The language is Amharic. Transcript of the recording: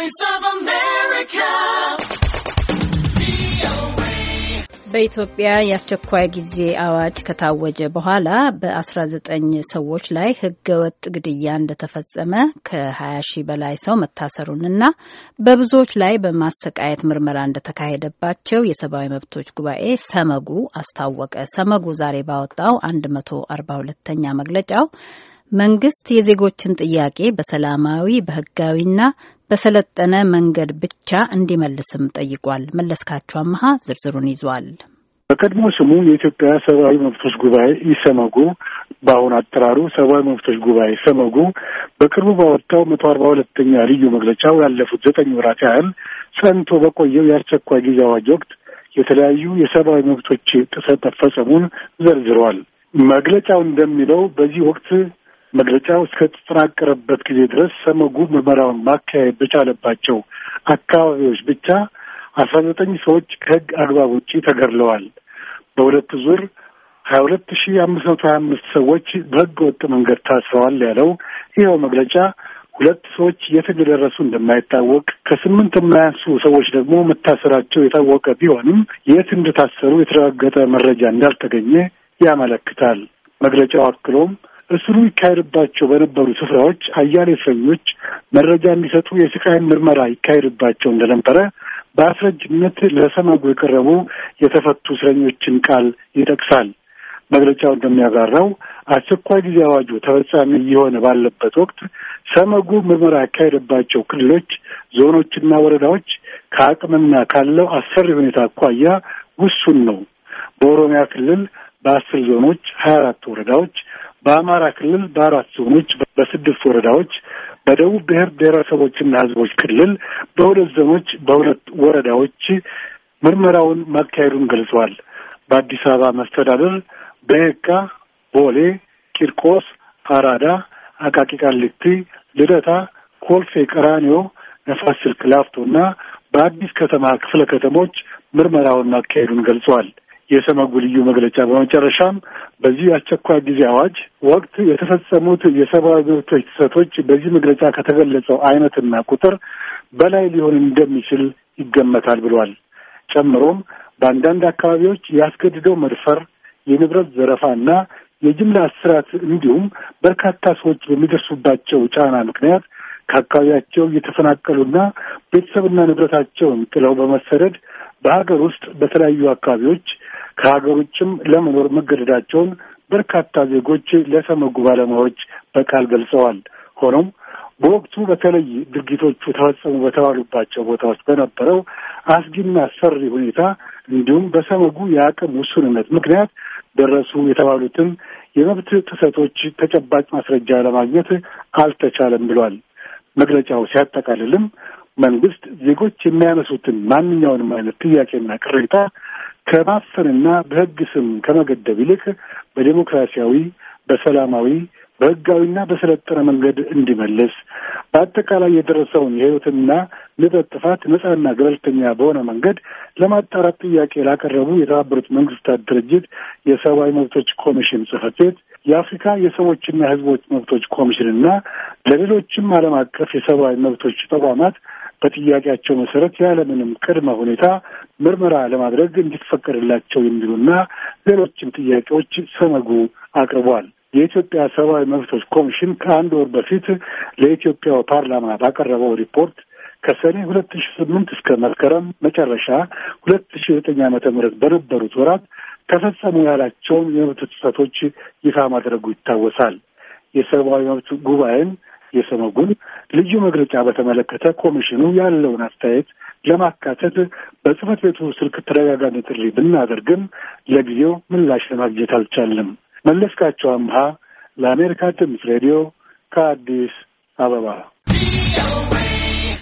Voice of America. በኢትዮጵያ የአስቸኳይ ጊዜ አዋጅ ከታወጀ በኋላ በ19 ሰዎች ላይ ህገወጥ ግድያ እንደተፈጸመ ከ20 ሺህ በላይ ሰው መታሰሩንና በብዙዎች ላይ በማሰቃየት ምርመራ እንደተካሄደባቸው የሰብአዊ መብቶች ጉባኤ ሰመጉ አስታወቀ። ሰመጉ ዛሬ ባወጣው 142ኛ መግለጫው መንግስት የዜጎችን ጥያቄ በሰላማዊ በህጋዊና በሰለጠነ መንገድ ብቻ እንዲመልስም ጠይቋል። መለስካቸው አመሃ ዝርዝሩን ይዟል። በቀድሞ ስሙ የኢትዮጵያ ሰብአዊ መብቶች ጉባኤ ኢሰመጉ በአሁን አጠራሩ ሰብአዊ መብቶች ጉባኤ ሰመጉ በቅርቡ ባወጣው መቶ አርባ ሁለተኛ ልዩ መግለጫው ያለፉት ዘጠኝ ወራት ያህል ጸንቶ በቆየው የአስቸኳይ ጊዜ አዋጅ ወቅት የተለያዩ የሰብአዊ መብቶች ጥሰት መፈጸሙን ዘርዝረዋል። መግለጫው እንደሚለው በዚህ ወቅት መግለጫው እስከተጠናቀረበት ጊዜ ድረስ ሰመጉ ምርመራውን ማካሄድ በቻለባቸው አካባቢዎች ብቻ አስራ ዘጠኝ ሰዎች ከህግ አግባብ ውጪ ተገድለዋል። በሁለት ዙር ሀያ ሁለት ሺ አምስት መቶ ሀያ አምስት ሰዎች በህገ ወጥ መንገድ ታስረዋል ያለው ይኸው መግለጫ ሁለት ሰዎች የት እንደደረሱ እንደማይታወቅ ከስምንት የማያንሱ ሰዎች ደግሞ መታሰራቸው የታወቀ ቢሆንም የት እንደታሰሩ የተረጋገጠ መረጃ እንዳልተገኘ ያመለክታል። መግለጫው አክሎም እስሩ ይካሄድባቸው በነበሩ ስፍራዎች አያሌ እስረኞች መረጃ እንዲሰጡ የስቃይን ምርመራ ይካሄድባቸው እንደነበረ በአስረጅነት ለሰማጉ የቀረቡ የተፈቱ እስረኞችን ቃል ይጠቅሳል። መግለጫው እንደሚያብራራው አስቸኳይ ጊዜ አዋጁ ተፈጻሚ እየሆነ ባለበት ወቅት ሰመጉ ምርመራ ያካሄደባቸው ክልሎች፣ ዞኖችና ወረዳዎች ከአቅምና ካለው አስፈሪ ሁኔታ አኳያ ውሱን ነው። በኦሮሚያ ክልል በአስር ዞኖች ሀያ አራት ወረዳዎች በአማራ ክልል በአራት ዞኖች በስድስት ወረዳዎች በደቡብ ብሔር ብሔረሰቦችና ህዝቦች ክልል በሁለት ዞኖች በሁለት ወረዳዎች ምርመራውን ማካሄዱን ገልጸዋል። በአዲስ አበባ መስተዳደር በየካ፣ ቦሌ፣ ቂርቆስ፣ አራዳ፣ አቃቂ ቃሊቲ፣ ልደታ፣ ኮልፌ ቀራኒዮ፣ ነፋስ ስልክ ላፍቶ እና በአዲስ ከተማ ክፍለ ከተሞች ምርመራውን ማካሄዱን ገልጸዋል። የሰመጉ ልዩ መግለጫ። በመጨረሻም በዚህ አስቸኳይ ጊዜ አዋጅ ወቅት የተፈጸሙት የሰብአዊ መብቶች ጥሰቶች በዚህ መግለጫ ከተገለጸው አይነትና ቁጥር በላይ ሊሆን እንደሚችል ይገመታል ብሏል። ጨምሮም በአንዳንድ አካባቢዎች ያስገድደው መድፈር፣ የንብረት ዘረፋና የጅምላ እስራት እንዲሁም በርካታ ሰዎች በሚደርሱባቸው ጫና ምክንያት ከአካባቢያቸው እየተፈናቀሉና ቤተሰብና ንብረታቸውን ጥለው በመሰደድ በሀገር ውስጥ በተለያዩ አካባቢዎች ከሀገር ውጭም ለመኖር መገደዳቸውን በርካታ ዜጎች ለሰመጉ ባለሙያዎች በቃል ገልጸዋል። ሆኖም በወቅቱ በተለይ ድርጊቶቹ ተፈጸሙ በተባሉባቸው ቦታዎች በነበረው አስጊና አስፈሪ ሁኔታ እንዲሁም በሰመጉ የአቅም ውሱንነት ምክንያት ደረሱ የተባሉትን የመብት ጥሰቶች ተጨባጭ ማስረጃ ለማግኘት አልተቻለም ብሏል። መግለጫው ሲያጠቃልልም መንግስት ዜጎች የሚያነሱትን ማንኛውንም አይነት ጥያቄና ቅሬታ ከማፈንና በህግ ስም ከመገደብ ይልቅ በዴሞክራሲያዊ፣ በሰላማዊ፣ በህጋዊና በሰለጠነ መንገድ እንዲመልስ በአጠቃላይ የደረሰውን የህይወትና ንብረት ጥፋት ነጻና ገለልተኛ በሆነ መንገድ ለማጣራት ጥያቄ ላቀረቡ የተባበሩት መንግስታት ድርጅት የሰብአዊ መብቶች ኮሚሽን ጽህፈት ቤት የአፍሪካ የሰዎችና ህዝቦች መብቶች ኮሚሽንና ለሌሎችም ዓለም አቀፍ የሰብአዊ መብቶች ተቋማት በጥያቄያቸው መሰረት ያለምንም ቅድመ ሁኔታ ምርመራ ለማድረግ እንድትፈቀድላቸው የሚሉና ሌሎችም ጥያቄዎች ሰመጉ አቅርቧል። የኢትዮጵያ ሰብአዊ መብቶች ኮሚሽን ከአንድ ወር በፊት ለኢትዮጵያው ፓርላማ ባቀረበው ሪፖርት ከሰኔ ሁለት ሺ ስምንት እስከ መስከረም መጨረሻ ሁለት ሺ ዘጠኝ ዓመተ ምህረት በነበሩት ወራት ተፈጸሙ ያላቸውን የመብት ጥሰቶች ይፋ ማድረጉ ይታወሳል። የሰብአዊ መብት ጉባኤን የሰመጉን ልዩ መግለጫ በተመለከተ ኮሚሽኑ ያለውን አስተያየት ለማካተት በጽህፈት ቤቱ ስልክ ተደጋጋሚ ጥሪ ብናደርግም ለጊዜው ምላሽ ለማግኘት አልቻለም። መለስካቸው አምሃ ለአሜሪካ ድምፅ ሬዲዮ ከአዲስ አበባ